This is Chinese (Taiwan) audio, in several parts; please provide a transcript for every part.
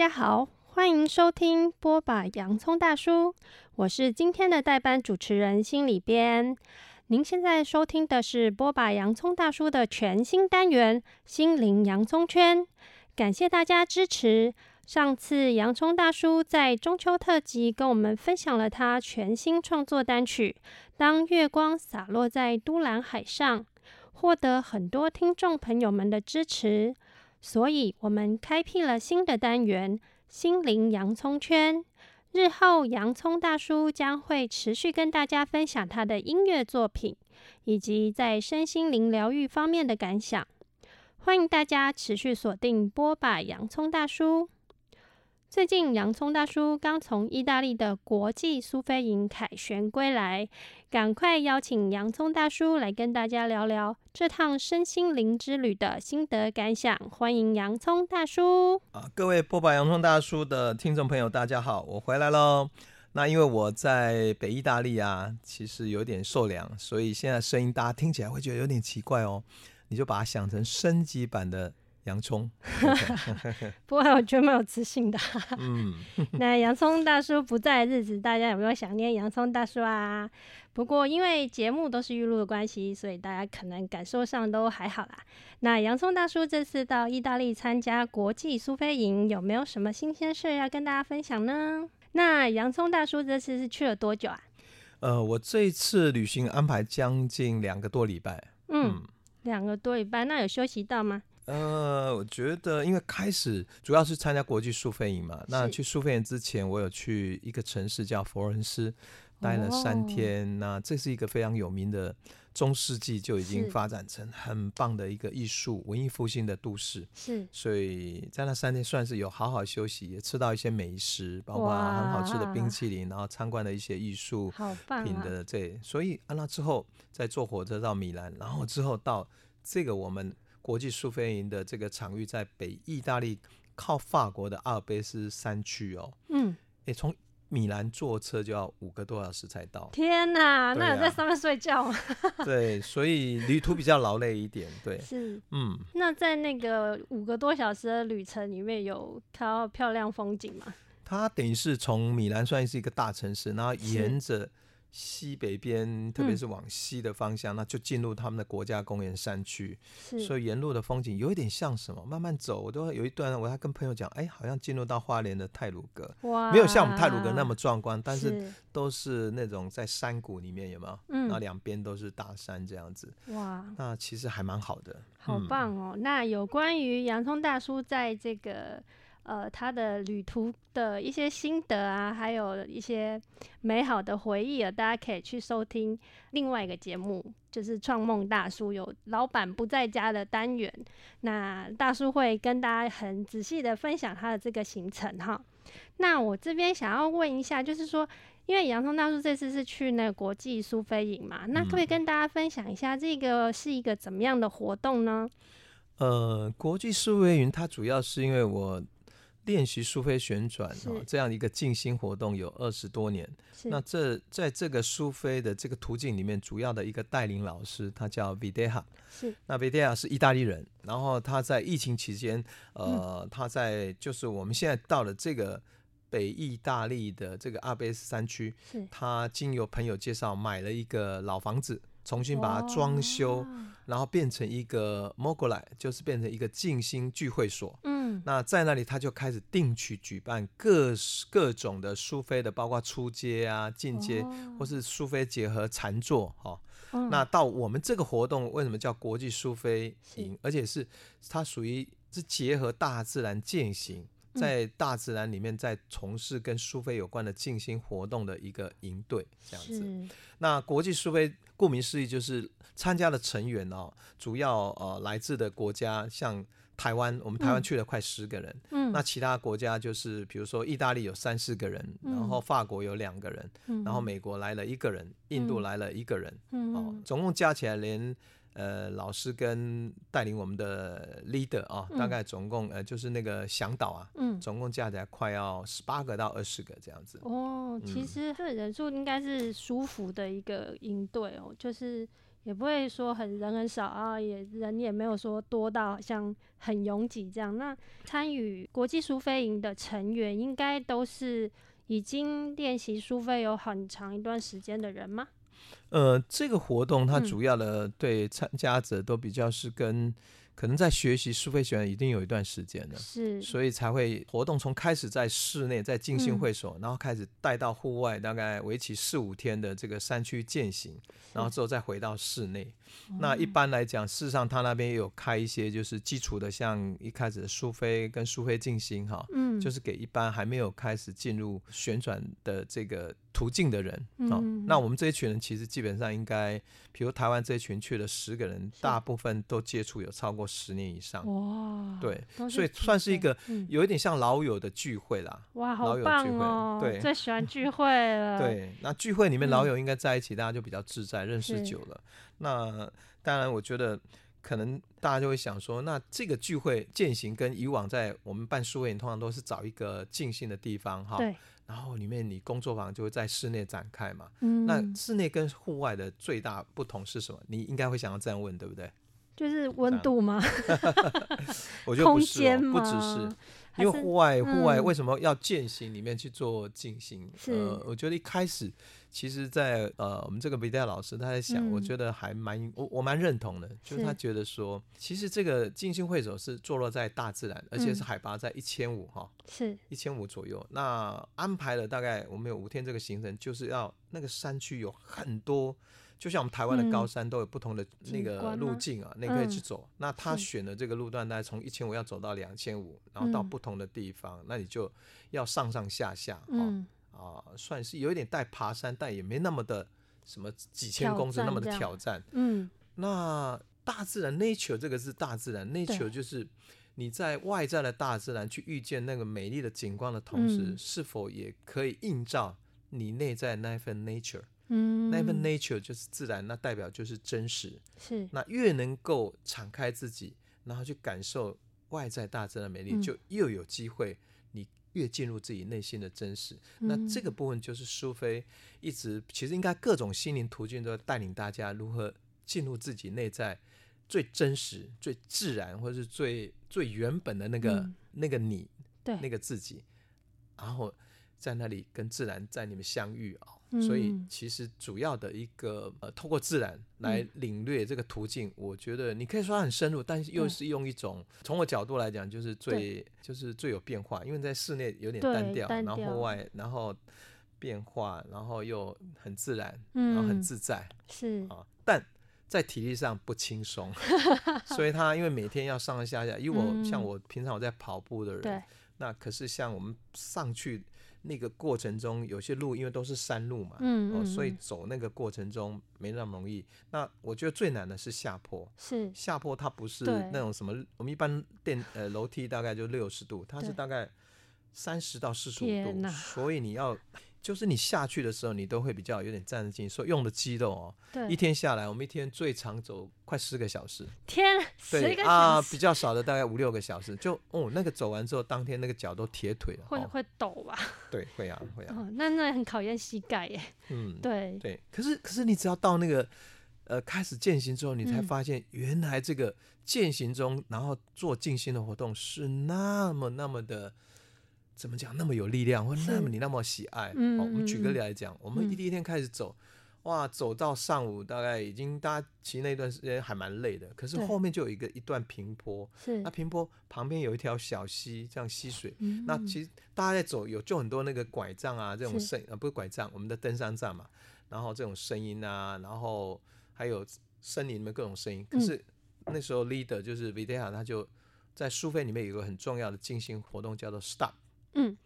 大家好，歡迎收聽剝吧！洋蔥大叔。我是今天的代班主持人心裡邊。您現在收聽的是剝吧！洋蔥大叔的全新單元《心靈洋蔥圈》。感謝大家支持。上次洋蔥大叔在中秋特輯跟我們分享了他全新創作單曲《當月光灑落在都蘭海上》，獲得很多聽眾朋友們的支持。所以，我們開闢了新的單元“心靈洋蔥圈”。日後，洋蔥大叔將會持續跟大家分享他的音樂作品，以及在身心靈療癒方面的感想。歡迎大家持續鎖定剝吧洋蔥大叔。最近，洋蔥大叔剛從意大利的國際蘇菲營凱旋歸來，趕快邀請洋蔥大叔來跟大家聊聊。這趟身心靈之旅的心得感想，歡迎洋蔥大叔啊！各位剝吧洋蔥大叔的聽眾朋友，大家好，我回來嘍。那因為我在北意大利啊，其實有點受涼，所以現在聲音大家聽起來會覺得有點奇怪哦。你就把它想成升級版的。洋蔥， 不過我覺得蠻有自信的啊。 嗯， 那洋蔥大叔不在的日子，大家有沒有想念洋蔥大叔啊？不過因為節目都是預錄的關係，所以大家可能感受上都還好啦。那洋蔥大叔這次到意大利參加國際蘇菲營，有沒有什麼新鮮事要跟大家分享呢？那洋蔥大叔這次是去了多久啊？呃，我這一次旅行安排將近兩個多禮拜。嗯，兩、嗯、個多禮拜，那有休息到嗎？呃，我覺得因為開始主要是參加國際蘇菲營嘛，那去蘇菲營之前，我有去一個城市叫佛羅倫斯，待了三天哦。那這是一個非常有名的，中世紀就已經發展成很棒的一個藝術文藝復興的都市。是。所以在那三天算是有好好休息，也吃到一些美食，包括很好吃的冰淇淋，然後參觀了一些藝術品的這，啊。所以啊那之後，再坐火車到米蘭，然後之後到這個我們。國際蘇菲營的這個場域在北意大利，靠法國的阿爾卑斯山區哦。嗯，誒、欸，從米蘭坐車就要五個多小時才到。天吶、啊，那有在上面睡覺嗎？對，所以旅途比較勞累一點。對，是，嗯。那在那個五個多小時的旅程裡面有看到漂亮風景嗎？它等於是從米蘭算是一個大城市，然後沿着。西北邊，特別是往西的方向，嗯、那就進入他們的國家公園山區。是，所以沿路的風景有一點像什麼？慢慢走，我都有一段，我還跟朋友講，哎、欸，好像進入到花蓮的太魯閣，哇，沒有像我們太魯閣那麼壯觀，但是都是那種在山谷裡面，有沒有？嗯，那兩邊都是大山這樣子，哇，那其實還蠻好的，好棒哦。嗯、那有關於洋蔥大叔在這個。呃，他的旅途的一些心得啊，還有一些美好的回憶啊，大家可以去收聽另外一個節目，就是創夢大叔有老板不在家的單元，那大叔會跟大家很仔細的分享他的這個行程哈。那我這邊想要問一下，就是說，因為洋蔥大叔這次是去那個國際蘇菲營嘛，那可不可以跟大家分享一下，這個是一個怎麼樣的活動呢？嗯、呃，國際蘇菲營，它主要是因為我。練習蘇菲旋轉哦，這樣一個靜心活動有二十多年。是。那這在這個蘇菲的這個途徑裡面，主要的一個帶領老師，他叫 Videha。是。那 Videha 是意大利人，然後他在疫情期間，呃、嗯，他在就是我們現在到了這個北意大利的這個阿爾卑斯山區，是。他經由朋友介紹買了一個老房子，重新把它裝修，然後變成一個 Mogulai，就是變成一個靜心聚會所。那在那裡，他就開始定期舉辦各各種的蘇菲的，包括初階啊、進階，或是蘇菲結合禪坐哈、哦嗯。那到我們這個活動為什麼叫國際蘇菲營？而且是它屬於是結合大自然健行，在大自然裡面在從事跟蘇菲有關的靜心活動的一個營隊這樣子。那國際蘇菲顧名思義就是參加的成員哦，主要呃來自的國家像。台灣，我們台灣去了快十個人嗯。嗯。那其他國家就是，比如說意大利有三四個人，然後法國有兩個人，然後美國來了一個人，嗯、印度來了一個人。嗯。哦、總共加起來連，連、呃、老師跟帶領我們的 leader 啊、哦，大概總共呃就是那個嚮導啊，總共加起來快要十八個到二十個這樣子。哦，嗯、其實人數應該是舒服的一個應對哦，就是。也不會說很人很少啊，哦，也人也沒有說多到好像很擁擠這樣。那參與國際蘇菲營的成員，應該都是已經練習蘇菲有很長一段時間的人嗎？呃，這個活動它主要的對參加者都比較是跟，嗯。可能在學習蘇菲學員一定有一段時間了，是，所以才會活動從開始在室內在靜心會所，嗯，然後開始帶到戶外，大概為期四五天的這個山區健行，然後之後再回到室內。那一般來講，事實上他那邊也有開一些就是基礎的，像一開始的蘇菲跟蘇菲靜心哈，嗯，就是給一般還沒有開始進入旋轉的這個途徑的人。嗯、哦，那我們這一群人其實基本上應該，比如台灣這一群去了十個人，大部分都接觸有超過十年以上。哇，對，所以算是一個有一點像老友的聚會啦。哇，好棒哦！老友聚會，對，最喜歡聚會了。 對，那聚會裡面老友應該在一起、嗯，大家就比較自在，認識久了。那當然，我覺得可能大家就會想說，那這個聚會健行跟以往在我們辦書院，通常都是找一個靜心的地方，哈，然後裡面你工作坊就會在室內展開嘛，嗯，那室內跟戶外的最大不同是什麼？你應該會想要這樣問，對不對？就是溫度嗎？ 我就不是、哦，不只是。因為戶外，戶、嗯、外為什麼要健行裡面去做靜心，嗯。呃，我覺得一開始，其實在，在呃，我們這個 Videha 老師他在想，嗯、我覺得還蠻我我蠻認同的，就是他覺得說，其實這個靜心會所是坐落在大自然，而且是海拔在一千五哈，是一千五左右。那安排了大概我們有五天這個行程，就是要那個山區有很多。就像我們台灣的高山都有不同的那個路徑啊，嗯、那你可以去走、嗯。那他選的這個路段，大概從一千五要走到兩千五，然後到不同的地方，嗯、那你就要上上下下啊啊、嗯哦哦，算是有一點帶爬山，但也沒那麼的什麼幾千公尺那麼的挑戰，挑戰。嗯，那大自然 nature 這個是大自然 nature 就是你在外在的大自然去遇見那個美麗的景觀的同時、嗯，是否也可以映照你內在的那份 nature？嗯，那份 nature 就是自然，那代表就是真實。是，那越能夠敞開自己，然後去感受外在大自然的美麗，嗯、就越有機會。你越進入自己內心的真實，那這個部分就是蘇菲一直、嗯、其實應該各種心靈途徑都帶領大家如何進入自己內在最真實、最自然，或者是最最原本的那個、嗯、那個你，對那個自己，然後在那裡跟自然在你們相遇哦。所以，其實主要的一個呃，透過自然來領略這個途徑、嗯，我覺得你可以說它很深入，但是又是用一種，從、嗯、我角度來講，就是最就是最有變化，因為在室內有點單調，然後戶外然後變化，然後又很自然，嗯、然後很自在，是啊，但。在體力上不輕鬆， 所以他因為每天要上上下下，因為我像我平常我在跑步的人，嗯、那可是像我們上去那個過程中，有些路因為都是山路嘛嗯嗯嗯、哦，所以走那個過程中沒那麼容易。那我覺得最難的是下坡，是下坡它，不是那種什麼，我們一般電呃樓梯大概就六十度，它是大概三十到四十五度，所以你要。就是你下去的時候，你都會比較有點站得緊，所以用的肌肉哦。對。一天下來，我們一天最長走快四個小時。天，四個啊，比較少的大概五六個小時，就哦、嗯，那個走完之後，當天那個腳都鐵腿了。會、哦、會抖吧？對，會啊，會啊。哦，那那很考驗膝蓋耶。嗯。對。對，可是可是你只要到那個呃開始健行之後，你才發現原來這個健行中、嗯，然後做靜心的活動是那麼那麼的。怎麼講，那麼有力量，或那麼你那麼喜愛、嗯？哦，我們舉個例來講、嗯，我們一第一天開始走、嗯，哇，走到上午大概已經，大家其實那段時間還蠻累的，可是後面就有一個一段平坡，那平坡旁邊有一條小溪這樣溪水，那其實大家在走有就很多那個拐杖啊這種聲啊、呃、不是拐杖，我們的登山杖嘛，然後這種聲音啊，然後還有森林裡面各種聲音，可是那時候 leader 就是 Videha 他就在蘇菲裡面有一個很重要的進行活動叫做 Stop。嗯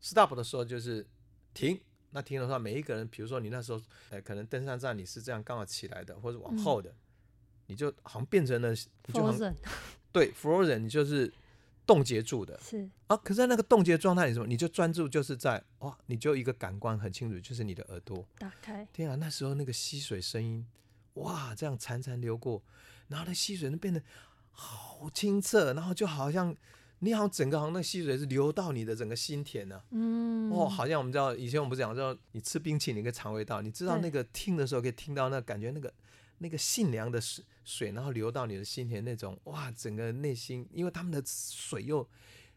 ，stop 的時候就是停。那停的時候，每一個人，比如說你那時候，哎、欸，可能登山杖你是這樣剛好起來的，或者往後的、嗯，你就好像變成了，你就好像 Frozen 對，Frozen， 你就是凍結住的。是啊，可是在那個凍結狀態，你什麼？你就專注就是在哇，你就一個感官很清楚，就是你的耳朵。打開。天啊，那時候那個溪水聲音，哇，這樣潺潺流過，然後那溪水就變得好清澈，然後就好像。你好像整個好像那溪水是流到你的整個心田呢、啊。嗯，哦，好像我們知道以前我們不是講，說你吃冰淇淋可以嘗味道，你知道那個聽的時候可以聽到那感覺、那個，那個那個沁涼的水，水然後流到你的心田那種，哇，整個內心，因為他們的水又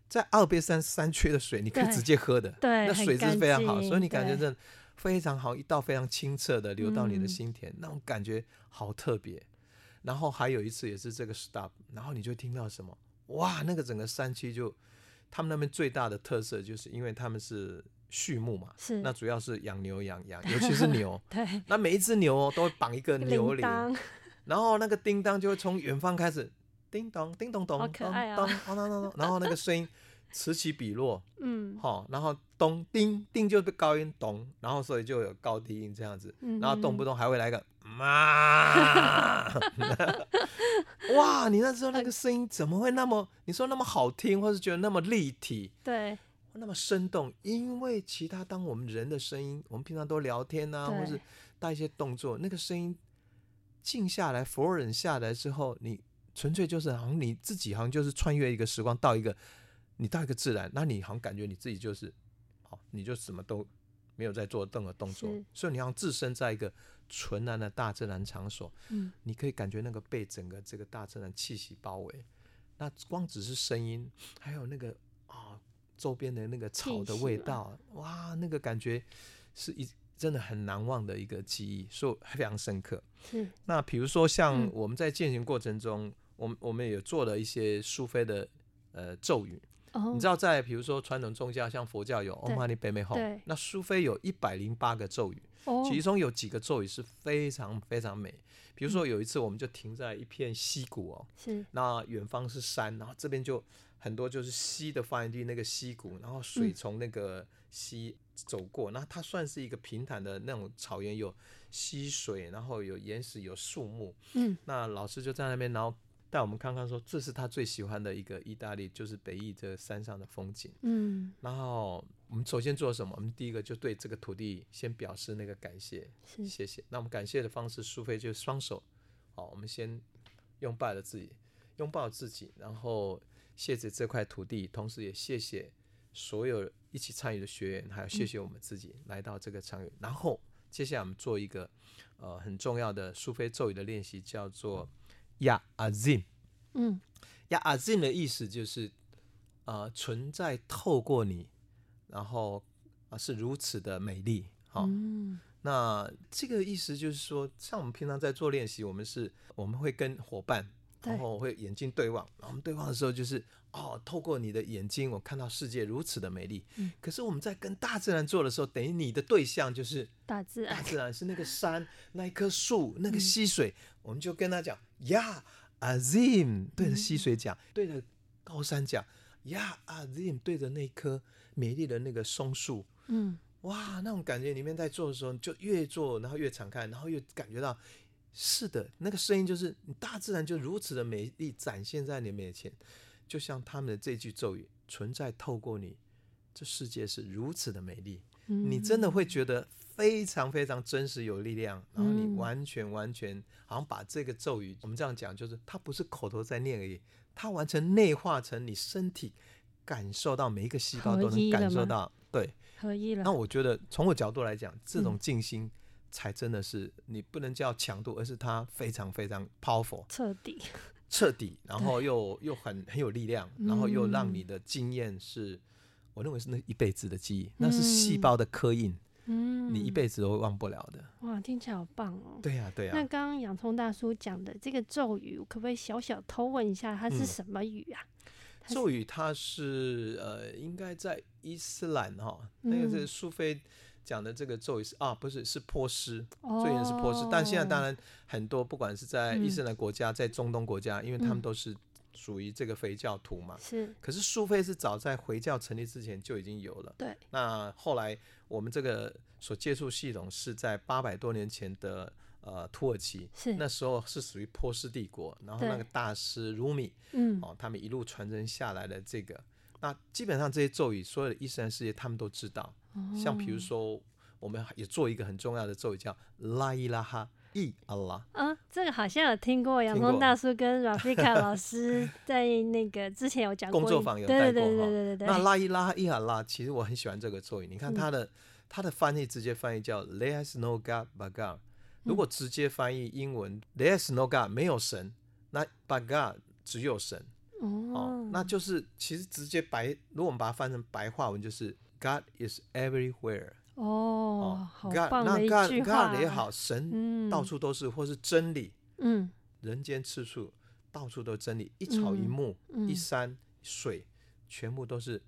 在阿爾卑斯山山區的水，你可以直接喝的，對，那水是非常好，所以你感覺這非常好，一道非常清澈的流到你的心田，那種感覺好特別。然後還有一次也是這個 stop，然後你就聽到什麼？哇，那個整個山區就他們那邊最大的特色就是，因為他們是畜牧嘛，是，那主要是養牛養羊，尤其是牛。 對。那每一隻牛哦都會綁一個牛鈴。然後那個叮噹就會從遠方開始叮咚叮咚咚，咚咚咚咚咚，噹叮噹，然後那個聲音此起彼落， 嗯，好，然後咚叮叮就是高音咚，然後所以就有高低音這樣子，然後動不動還會來個。嗯嗯媽！哈哈哈，哇，你那時候那個聲音怎麼會那麼？你說那麼好聽，或是覺得那麼立體，對，那麼生動？因為其他，當我們人的聲音，我們平常都聊天吶、啊，或是帶一些動作，那個聲音靜下來、fallen 下來之後，你純粹就是好像你自己，好像就是穿越一個時光，到一個你到一個自然，那你好像感覺你自己就是好，你就什麼都。沒有在做任何動作，所以你要置身在一個純然的大自然場所，嗯，你可以感覺那個被整個這個大自然氣息包圍。那光只是聲音，還有那個啊、哦、周邊的那個草的味道，哇，那個感覺是一真的很難忘的一個記憶，所以非常深刻。那比如說像我們在健行過程中，嗯、我們我們也做了一些蘇菲的呃咒語。你知道，在比如說傳統宗教，像佛教有 Om Mani Padme Hum，那蘇菲有一百零八個咒語，其中有幾個咒語是非常非常美。比如說有一次，我們就停在一片溪谷哦、喔，那遠方是山，然後這邊就很多就是溪的發源地，那個溪谷，然後水從那個溪走過，那、嗯、它算是一個平坦的那種草原，有溪水，然後有岩石，有樹木。嗯，那老師就在那邊，然後。但我們看看，說這是他最喜歡的一個意大利，就是北意這山上的風景。嗯，然後我們首先做什麼？我們第一個就對這個土地先表示那個感謝，謝謝。那我們感謝的方式，蘇菲就雙手，好，我們先擁抱了自己，擁抱自己，然後謝謝這塊土地，同時也謝謝所有一起參與的學員，還有謝謝我們自己來到這個場域。嗯，然後接下來我們做一個呃很重要的蘇菲咒語的練習，叫做。呀阿茲，嗯，呀阿茲的意思就是，呃，存在透過你，然後啊、呃、是如此的美麗，好、哦嗯，那這個意思就是說，像我們平常在做練習，我們是我們會跟夥伴，然後會眼睛對望對，然後我們對望的時候就是，嗯、哦，透過你的眼睛，我看到世界如此的美麗、嗯。可是我們在跟大自然做的時候，等於你的對象就是大自然，大自然是那個山， 那一棵樹，那個溪水，嗯、我們就跟他講。呀，阿 Zim 對着溪水講、嗯，對着高山講，呀，阿 Zim 對着那棵美麗的那個松樹，嗯，哇，那種感覺，裡面在做的時候，就越做，然後越敞開，然後又感覺到，是的，那個聲音就是你，大自然就如此的美麗展現在你面前，就像他們的這句咒語，存在透過你，這世界是如此的美麗，嗯、你真的會覺得，非常非常真實有力量，然後你完全完全好像把這個咒語，嗯、我們這樣講，就是它不是口頭在念而已，它完全內化成你身體感受到每一個細胞都能感受到，對，合一了，那我覺得從我角度來講、嗯，這種靜心才真的是你不能叫強度，而是它非常非常 powerful，徹底，徹底，然後又又很很有力量，然後又讓你的經驗是、嗯，我認為是那一輩子的記憶，嗯、那是細胞的刻印。嗯，你一輩子都會忘不了的。哇，聽起來好棒哦，喔！對呀，啊，對呀，啊。那剛剛洋蔥大叔講的這個咒語，我可不可以小小偷問一下，它是什麼語啊？嗯、咒語它是呃，應該在伊斯蘭哈，那個這個蘇菲講的這個咒語是，嗯，啊，不是是波斯，最原是波斯，哦，但現在當然很多，不管是在伊斯蘭國家，嗯，在中東國家，因為他們都是。屬於這個回教徒嘛？是。可是蘇菲是早在回教成立之前就已經有了。對。那後來我們這個所接觸系統是在八百多年前的呃土耳其，是那時候是屬於波斯帝國，然後那個大師魯米，嗯，哦，他們一路傳承下來的這個、嗯，那基本上這些咒語，所有的伊斯蘭世界他們都知道。像比如說、嗯、我們也做一個很重要的咒語叫拉伊拉哈。意，啊，這個好像有聽過洋蔥大叔跟 Rafika 老師在那個之前有講過。 工作坊有帶過，對對對對對對對，那拉一拉，一阿拉。其實我很喜歡這個咒語，嗯。你看他的，他的翻譯直接翻譯叫 There is no God but God。如果直接翻譯英文、嗯、There is no God 沒有神，那 but God 只有神。哦，嗯、那就是其實直接白，如果我們把它翻成白話文，就是 God is everywhere。哦、oh, oh，好棒的一句話也好，神到處都是、嗯，或是真理。嗯，人間四處到處都真理，一草一木、嗯、一山、嗯、一山水，全部都是。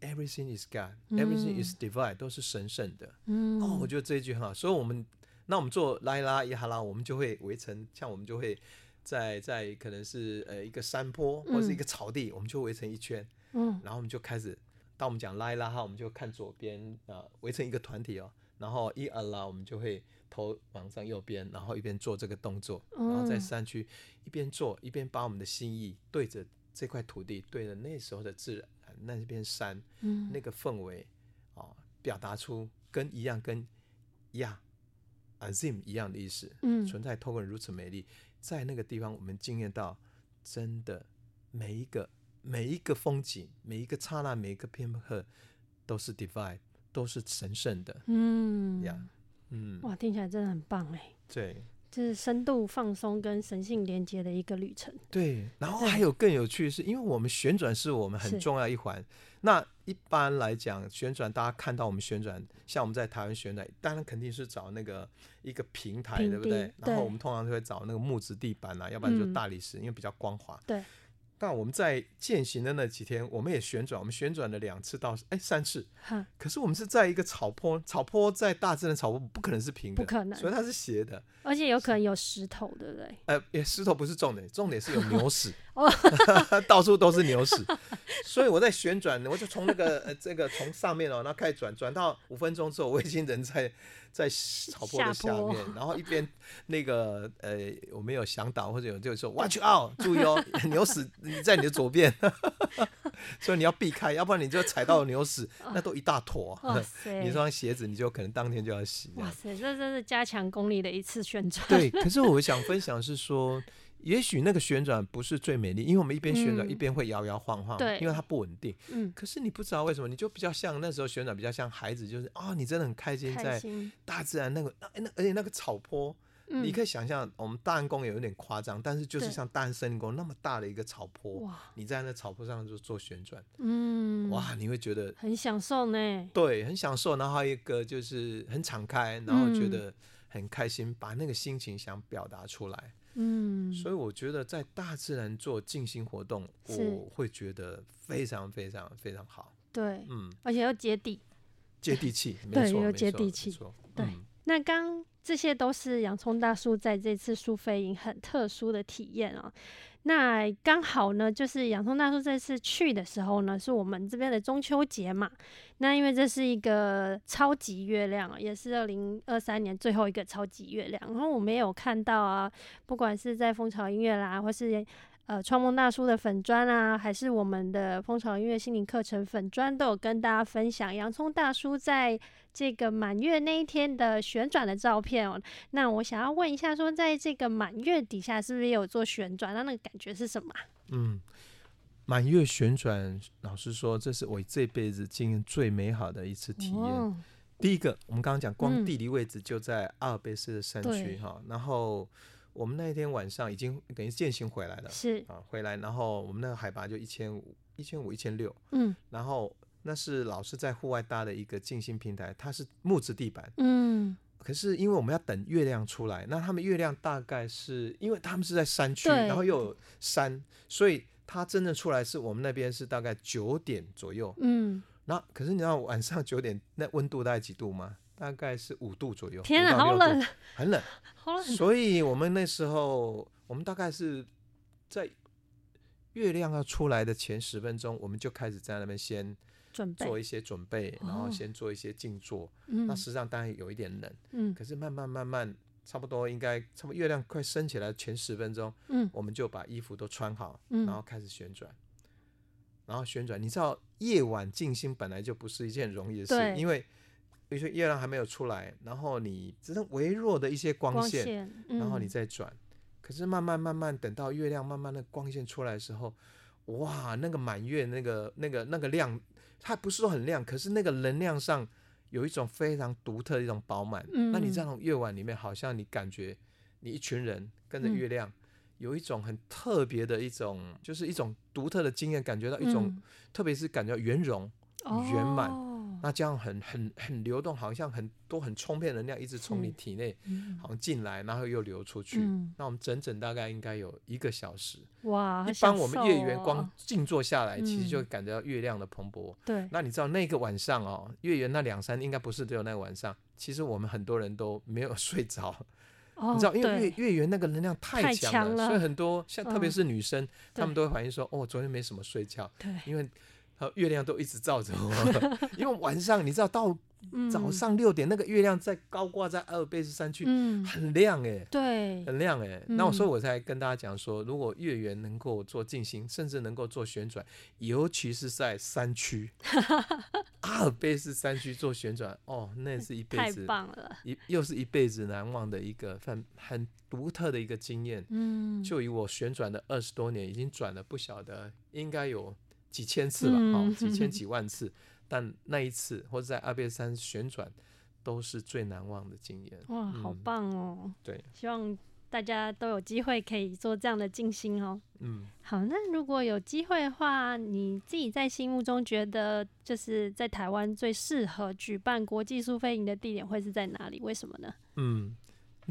Everything is God、嗯、everything is divine，都是神聖的、嗯。哦，我覺得這一句很好。所以，我們那我們做拉一拉一哈拉，我們就會圍成，像我們就會在在可能是呃一個山坡或是一個草地、嗯，我們就圍成一圈。嗯，然後我們就開始。當我們講拉一拉哈，我們就看左邊，呃，圍成一個團體哦、喔。然後一阿拉，我們就會頭往上右邊，然後一邊做這個動作，嗯、然後在山區一邊做一邊把我們的心意對着這塊土地，對着那時候的自然，那一片山、嗯，那個氛圍、呃、表達出跟一樣跟亞、yeah, 阿 zim 一樣的意思。嗯，存在透過你如此美麗，在那個地方我們經驗到，真的每一個。每一個風景，每一個剎那，每一個片刻，都是 divine，都是神聖的。嗯，呀、yeah，嗯，哇，聽起來真的很棒哎！對，就是深度放鬆跟神性連接的一個旅程。對，然後還有更有趣的是，因為我們旋轉是我們很重要一環。那一般來講，旋轉大家看到我們旋轉，像我們在台灣旋轉，當然肯定是找那個一個平台，對不對？然後我們通常就會找那個木質地板啊、嗯，要不然就是大理石，因為比較光滑。對。但我們在健行的那幾天，我們也旋轉，我們旋轉了兩次、欸、次，到哎三次。可是我們是在一個草坡，草坡在大自然的草坡不可能是平的，不可能，所以它是斜的。而且有可能有石頭，對不對？呃，石頭不是重點，重點是有牛屎， 到處都是牛屎。所以我在旋轉，我就從那個呃這個從上面哦，那開始轉，轉到五分鐘之後，我已經人在。在草坡的下面，下然後一邊那個呃，我們有想到，或者有就說 “watch out，注意哦，牛屎在你的左邊”， 所以你要避開，要不然你就踩到牛屎， 那都一大坨，啊， 你這雙鞋子你就可能當天就要洗。哇塞，這真是加強功力的一次宣傳。對，可是我想分享是說。 也許那個旋轉不是最美麗，因為我們一邊旋轉、嗯、一邊會搖搖晃晃，對，因為它不穩定。嗯，可是你不知道為什麼，你就比較像那時候旋轉，比較像孩子，就是啊、哦，你真的很開心，在大自然那個、欸、那那而且那個草坡，嗯、你可以想象我們大安宮也有點誇張，但是就是像大安森林公園那麼大的一個草坡，哇，你在那個草坡上就做旋轉，嗯，哇，你會覺得很享受呢。對，很享受。然後還有一個就是很敞開，然後覺得很開心，嗯、把那個心情想表達出來。嗯，所以我覺得在大自然做靜心活動，我會覺得非常非常非常好。對，嗯，而且又接地，接地氣、欸，沒錯，對，又接地氣。對，對嗯、那剛這些都是洋蔥大叔在這次蘇菲營很特殊的體驗啊、喔。那剛好呢，就是洋蔥大叔這次去的時候呢，是我們這邊的中秋節嘛。那因為這是一個超級月亮，也是二零二三年最後一個超級月亮。然後我們也有看到啊，不管是在風潮音樂啦，或是。呃，創夢大叔的粉專啊，還是我們的風潮音樂心靈課程粉專，都有跟大家分享洋蔥大叔在這個滿月那一天的旋轉的照片哦。那我想要問一下，說在這個滿月底下，是不是也有做旋轉？那那個感覺是什麼啊？嗯，滿月旋轉，老實說，這是我這輩子經驗最美好的一次體驗。第一個，我們剛剛講，光地理位置就在阿爾卑斯的山區哈，嗯，然後。我們那一天晚上已經等於健行回來了，是啊，回來，然後我們那個海拔就一千五、一千五、一千六，嗯，然後那是老師在戶外搭的一個靜心平台，它是木質地板，嗯，可是因為我們要等月亮出來，那他們月亮大概是，因為他們是在山區，然後又有山，所以它真的出來的是我們那邊是大概九點左右，嗯，那可是你知道晚上九點那溫度大概幾度嗎？大概是五度左右，天啊，好冷，很冷，好冷很冷。所以我們那時候，我們大概是在月亮要出來的前十分鐘，我們就開始在那邊先準備做一些準備，準備，然後先做一些靜坐、哦。那實際上當然有一點冷，嗯，可是慢慢慢慢，差不多應該，差不多月亮快升起來前十分鐘，嗯，我們就把衣服都穿好，然後開始旋轉，嗯，然後旋轉。你知道，夜晚靜心本來就不是一件容易的事，因為。你說月亮還沒有出來，然後你只能微弱的一些光線，光線然後你再轉、嗯，可是慢慢慢慢，等到月亮慢慢的光線出來的時候，哇，那個滿月，那個那個那個亮，它不是說很亮，可是那個能量上有一種非常獨特的一種飽滿、嗯。那你在那種夜晚裡面，好像你感覺你一群人跟着月亮，有一種很特別的一種、嗯，就是一種獨特的經驗，感覺到一種，特別是感覺圓融圓滿。嗯那這樣很很很流動，好像很多很充沛的能量一直從你體內、嗯，好像進來，然後又流出去。嗯、那我們整整大概應該有一個小時。哇，一般我們月圓光靜坐下來、哦，其實就感覺到月亮的蓬勃。對、嗯。那你知道那個晚上哦、喔，月圓那兩三應該不是只有那個晚上，其實我們很多人都沒有睡着、哦。你知道，因為月月圓那個能量太強了，了，所以很多像特別是女生，她、嗯、們都會反映說，哦，昨天沒什麼睡覺。對。因為。月亮都一直照着我，因為晚上你知道到早上六點、嗯，那個月亮在高掛在阿爾卑斯山區，很亮哎、欸嗯，對，很亮哎、欸嗯。那我說我才跟大家講說，如果月圓能夠做健行，甚至能夠做旋轉，尤其是在山區，阿爾卑斯山區做旋轉，哦，那是一輩子太棒了，一又是一輩子難忘的一個很很獨特的一個經驗。就以我旋轉了二十多年，已經轉了不曉得應該有。幾千次了，嗯哦，幾千幾萬次，嗯，但那一次或者在阿爾卑斯山旋轉，都是最難忘的經驗。哇，嗯，好棒哦！對，希望大家都有機會可以做這樣的靜心哦。嗯，好，那如果有機會的話，你自己在心目中覺得就是在台灣最適合舉辦國際蘇菲營的地點會是在哪裡？為什麼呢？嗯，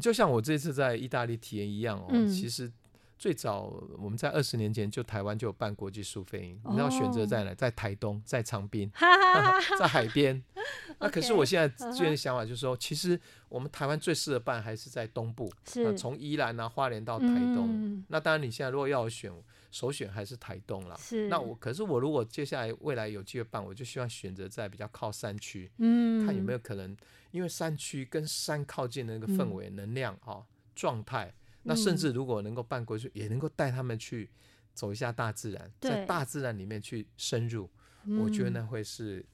就像我這次在意大利體驗一樣哦，嗯，其實。最早我們在二十年前就台灣就有辦國際蘇菲營、oh. 你知道要選擇在哪？在台東，在長濱， 在海邊邊。 那可是我現在現在的想法就是說，okay. 其實我們台灣最適合辦還是在東部，啊，從宜蘭啊、花蓮到台東、嗯。那當然你現在如果要選，首選還是台東啦。那我可是我如果接下來未來有機會辦，我就希望選擇在比較靠山區，嗯，看有沒有可能，因為山區跟山靠近的那個氛圍、能量啊、狀、嗯、態。哦那甚至如果能夠辦過去，嗯、也能夠帶他們去走一下大自然，在大自然裡面去深入、嗯，我覺得那會是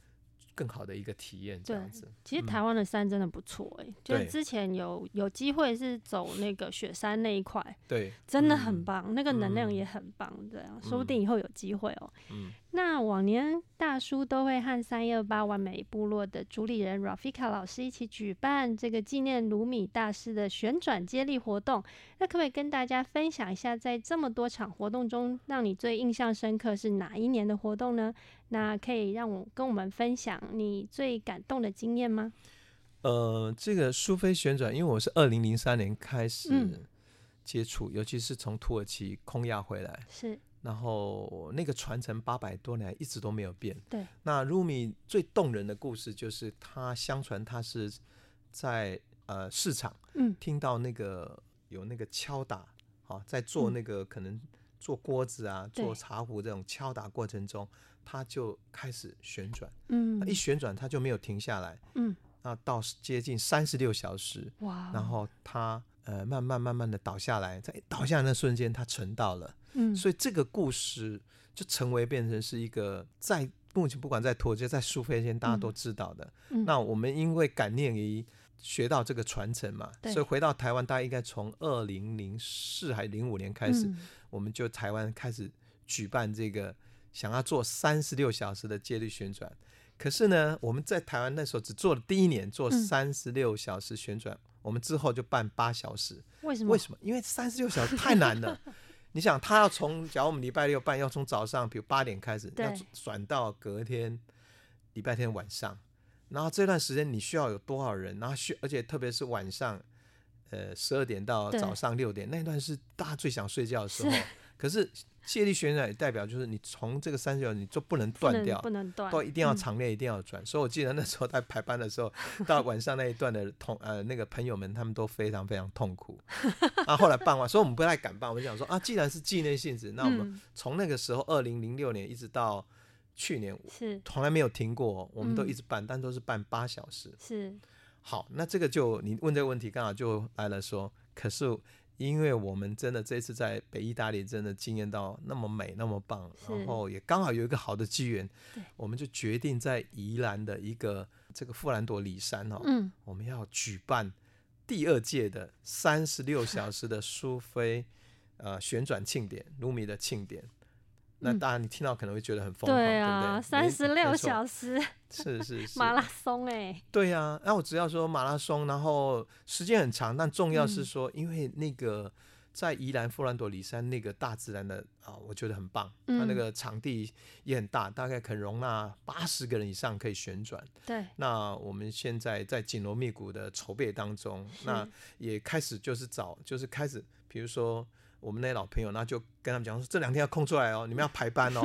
更好的一個體驗。這樣子，其實台灣的山真的不錯、欸，哎、嗯，就是之前有有機會是走那個雪山那一塊，對，真的很棒，嗯、那個能量也很棒，這樣、嗯、說不定以後有機會哦、喔。嗯嗯那往年大叔都會和三一二八玩美部落的主理人 Rafika 老師一起舉辦這個紀念魯米大師的旋轉接力活動。那可不可以跟大家分享一下，在這麼多場活動中，讓你最印象深刻是哪一年的活動呢？那可以讓我跟我們分享你最感動的經驗嗎？呃，這個蘇菲旋轉，因為我是二零零三年開始接觸，嗯，尤其是從土耳其空亞回來。是。然後那個傳承八百多年，一直都沒有變。對。那 Rumi 最動人的故事就是，他相傳他是在呃市場，聽到那個有那個敲打、嗯，啊，在做那個可能做鍋子啊、嗯、做茶壺這種敲打過程中，他就開始旋轉，嗯，一旋轉他就沒有停下來，嗯，那到接近三十六小時，哇，然後他。呃，慢慢慢慢的倒下來，在倒下那瞬間，它成道了。嗯，所以這個故事就成為變成是一個在目前不管在托接在蘇菲間，大家都知道的。嗯、那我們因為感念於學到這個傳承嘛、嗯，所以回到台灣，大家應該從二零零四還是零五年開始、嗯，我們就台灣開始舉辦這個想要做三十六小時的接力旋轉。可是呢，我們在台灣那時候只做了第一年做三十六小時旋轉。嗯嗯我們之後就辦八小時，為什麼？為什麼？因為三十六小時太難了。 你想，他要從，假如我們禮拜六辦，要從早上，比如八點開始，要轉到隔天禮拜天晚上，然後這段時間你需要有多少人？然後需，而且特別是晚上，呃，十二點到早上六點那段是大家最想睡覺的時候。可是接力旋轉也代表就是你從這個三角你就不能斷掉，不能斷，都一定要長練，嗯，一定要轉。所以我記得那時候在排班的時候，嗯、到晚上那一段的同呃那個朋友們他們都非常非常痛苦。那、 啊、後來辦完，所以我們不太敢辦。我們想說啊，既然是紀念性質，那我們從那個時候二零零六年一直到去年是從、嗯、來沒有停過，我們都一直辦，嗯、但都是辦八小時。是，好，那這個就你問這個問題剛好就來了說，可是。因為我們真的這次在北意大利，真的驚艷到那麼美那麼棒，然後也剛好有一個好的機緣，我們就決定在宜蘭的一個這個馥森里山哦、嗯，我們要舉辦第二屆的三十六小時的蘇菲呃旋轉慶典，魯米的慶典。那當然，你聽到可能會覺得很瘋狂、嗯，對啊，三十六小時對對，是是是馬拉松哎、欸，對呀、啊，那我只要說馬拉松，然後時間很長，但重要是說，因為那個在宜蘭馥森里山那個大自然的、嗯、啊，我覺得很棒，它那個場地也很大，嗯、大概可容納八十個人以上可以旋轉。對，那我們現在在緊鑼密鼓的籌備當中，那也開始就是找，就是開始，比如說。我們那老朋友，那就跟他們講說：“這兩天要空出來哦，你們要排班哦。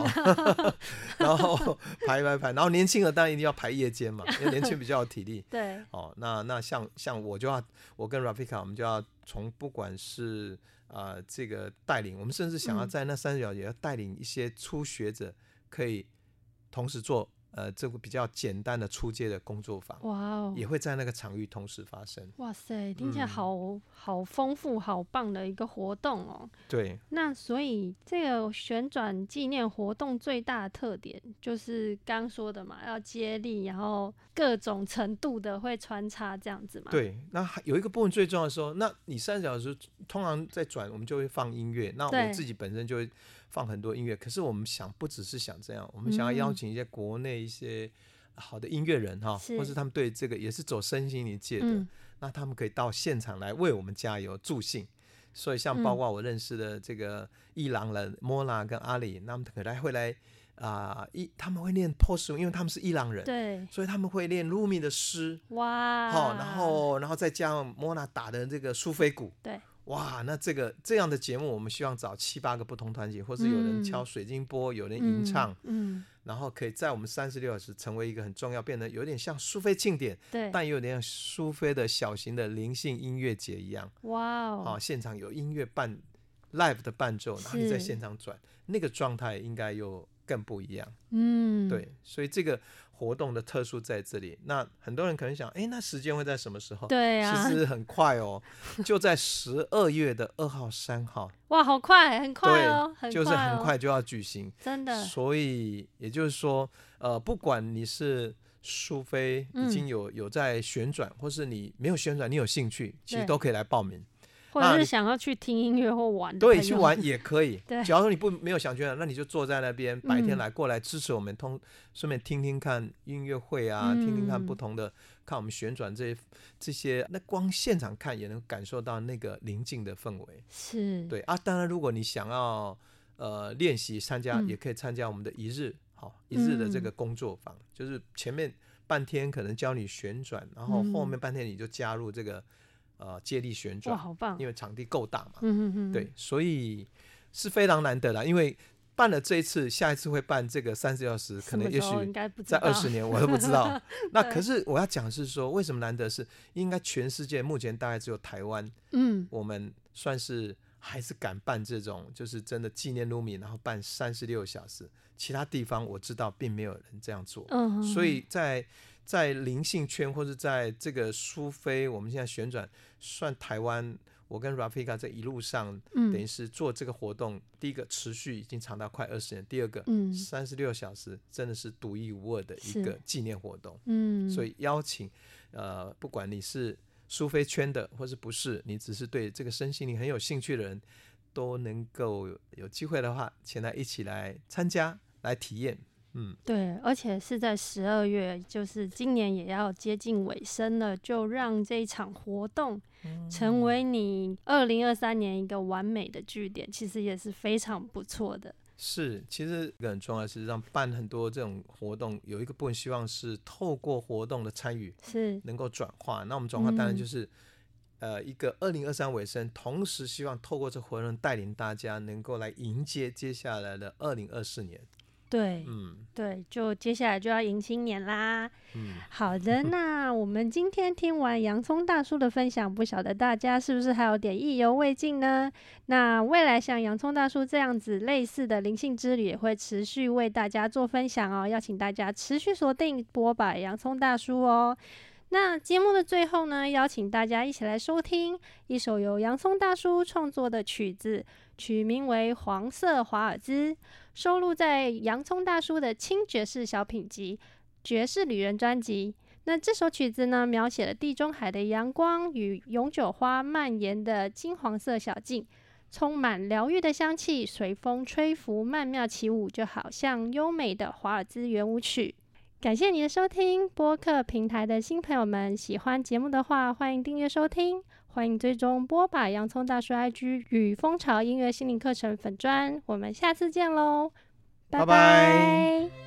” 然後排排排，然後年輕人當然一定要排夜間嘛，因為年輕人比較有體力。 對，哦，那那像像我就要，我跟 Rafika 我們就要從不管是啊、呃、這個帶領，我們甚至想要在那30秒也要帶領一些初學者，可以同時做。呃，這個比較簡單的初階的工作坊，哇、wow、哦，也會在那個場域同時發生。哇塞，聽起來好、嗯、好豐富、好棒的一個活動哦、喔。對。那所以這個旋轉紀念活動最大的特點就是剛說的嘛，要接力，然後各種程度的會穿插這樣子嘛。對，那有一個部分最重要的時候，那你三十小時通常在轉，我們就會放音樂。那我們自己本身就會。放很多音樂，可是我們想不只是想這樣，我們想要邀請一些國內一些好的音樂人哈、嗯，或是他們對這個也是走身心靈界的、嗯，那他們可以到現場來為我們加油助興。所以像包括我認識的這個伊朗人莫娜、嗯、跟阿里、呃，他們可能會來啊，一他們會念波斯文，因為他們是伊朗人，對，所以他們會念魯米的詩哇，好、哦，然後然後再加上莫娜打的這個蘇菲鼓對。哇，那這個這樣的節目，我們希望找七八個不同團體，或是有人敲水晶缽，嗯、有人吟唱嗯，嗯，然後可以在我們三十六小時成為一個很重要，變得有點像蘇菲慶典，對，但又有點像蘇菲的小型的靈性音樂節一樣。哇、wow、哦、啊，現場有音樂伴 live 的伴奏，然後你在現場轉，那個狀態應該有更不一樣，嗯，對，所以這個活動的特殊在這裡。那很多人可能想，哎、欸，那時間會在什麼時候？對啊，其實很快哦，就在十二月的二號、三號。哇，好快，很快，哦對，很快哦，就是很快就要舉行，真的。所以也就是說，呃，不管你是蘇菲已經有有在旋轉、嗯，或是你沒有旋轉，你有興趣，其實都可以來報名。或者是想要去聽音樂或玩，對，去玩也可以。 對，假如說你不沒有想去，那你就坐在那邊，白天來、嗯、過來支持我們，通順便聽聽看音樂會啊、嗯，聽聽看不同的，看我們旋轉這些這些。那光現場看也能感受到那個寧靜的氛圍。是，對啊。當然，如果你想要呃練習參加，也可以參加我們的一日好、嗯、哦、一日的這個工作坊、嗯。就是前面半天可能教你旋轉，然後後面半天你就加入這個。嗯呃，接力旋轉，哇，好棒！因為場地夠大嘛，嗯嗯嗯，對，所以是非常難得的。因為辦了這一次，下一次會辦這個三十六小時，可能也許在二十年我都不知道。 那可是我要講是說，為什麼難得是應該全世界目前大概只有台灣，嗯，我們算是還是敢辦這種，就是真的紀念盧米，然後辦三十六小時，其他地方我知道並沒有人這樣做，嗯，所以在。在靈性圈，或者在這個蘇菲，我們現在旋轉算台灣，我跟 Rafika 這一路上，嗯，等於是做這個活動，第一個持續已經長達快二十年，第二個三十六小時真的是獨一無二的一個紀念活動，嗯，所以邀請，呃，不管你是蘇菲圈的，或是不是，你只是對這個身心靈很有興趣的人，都能夠有機會的話，前來一起來參加，來體驗。嗯，對，而且是在十二月，就是今年也要接近尾聲了，就讓這一場活動成為你二零二三年一個完美的句點，其實也是非常不錯的。是，其實一個很重要的，事實上辦很多這種活動，有一個部分希望是透過活動的參與是能夠轉化。那我們轉化當然就是、嗯、呃一個二零二三尾聲，同時希望透過這活動帶領大家能夠來迎接接下來的二零二四年。對，嗯，對，就接下來就要迎新年啦。嗯，好的，那我們今天聽完洋蔥大叔的分享，不曉得大家是不是還有點意猶未盡呢？那未來像洋蔥大叔這樣子類似的靈性之旅，也會持續為大家做分享哦。邀請大家持續鎖定剝吧！洋蔥大叔哦。那節目的最後呢，邀請大家一起來收聽一首由洋蔥大叔創作的曲子，取名為《黃色華爾滋》。收錄在洋蔥大叔的《輕爵士小品集》、《爵式旅人》專輯。那這首曲子呢，描寫了地中海的陽光與永久花蔓延的金黃色小徑，充滿療癒的香氣，隨風吹拂，曼妙起舞，就好像優美的華爾茲圓舞曲。感謝你的收聽，播客平台的新朋友們，喜歡節目的話，歡迎訂閱收聽。歡迎追蹤剝吧洋蔥大叔 IG 與風潮音樂心靈課程粉專，我們下次見嘍，拜拜。拜拜。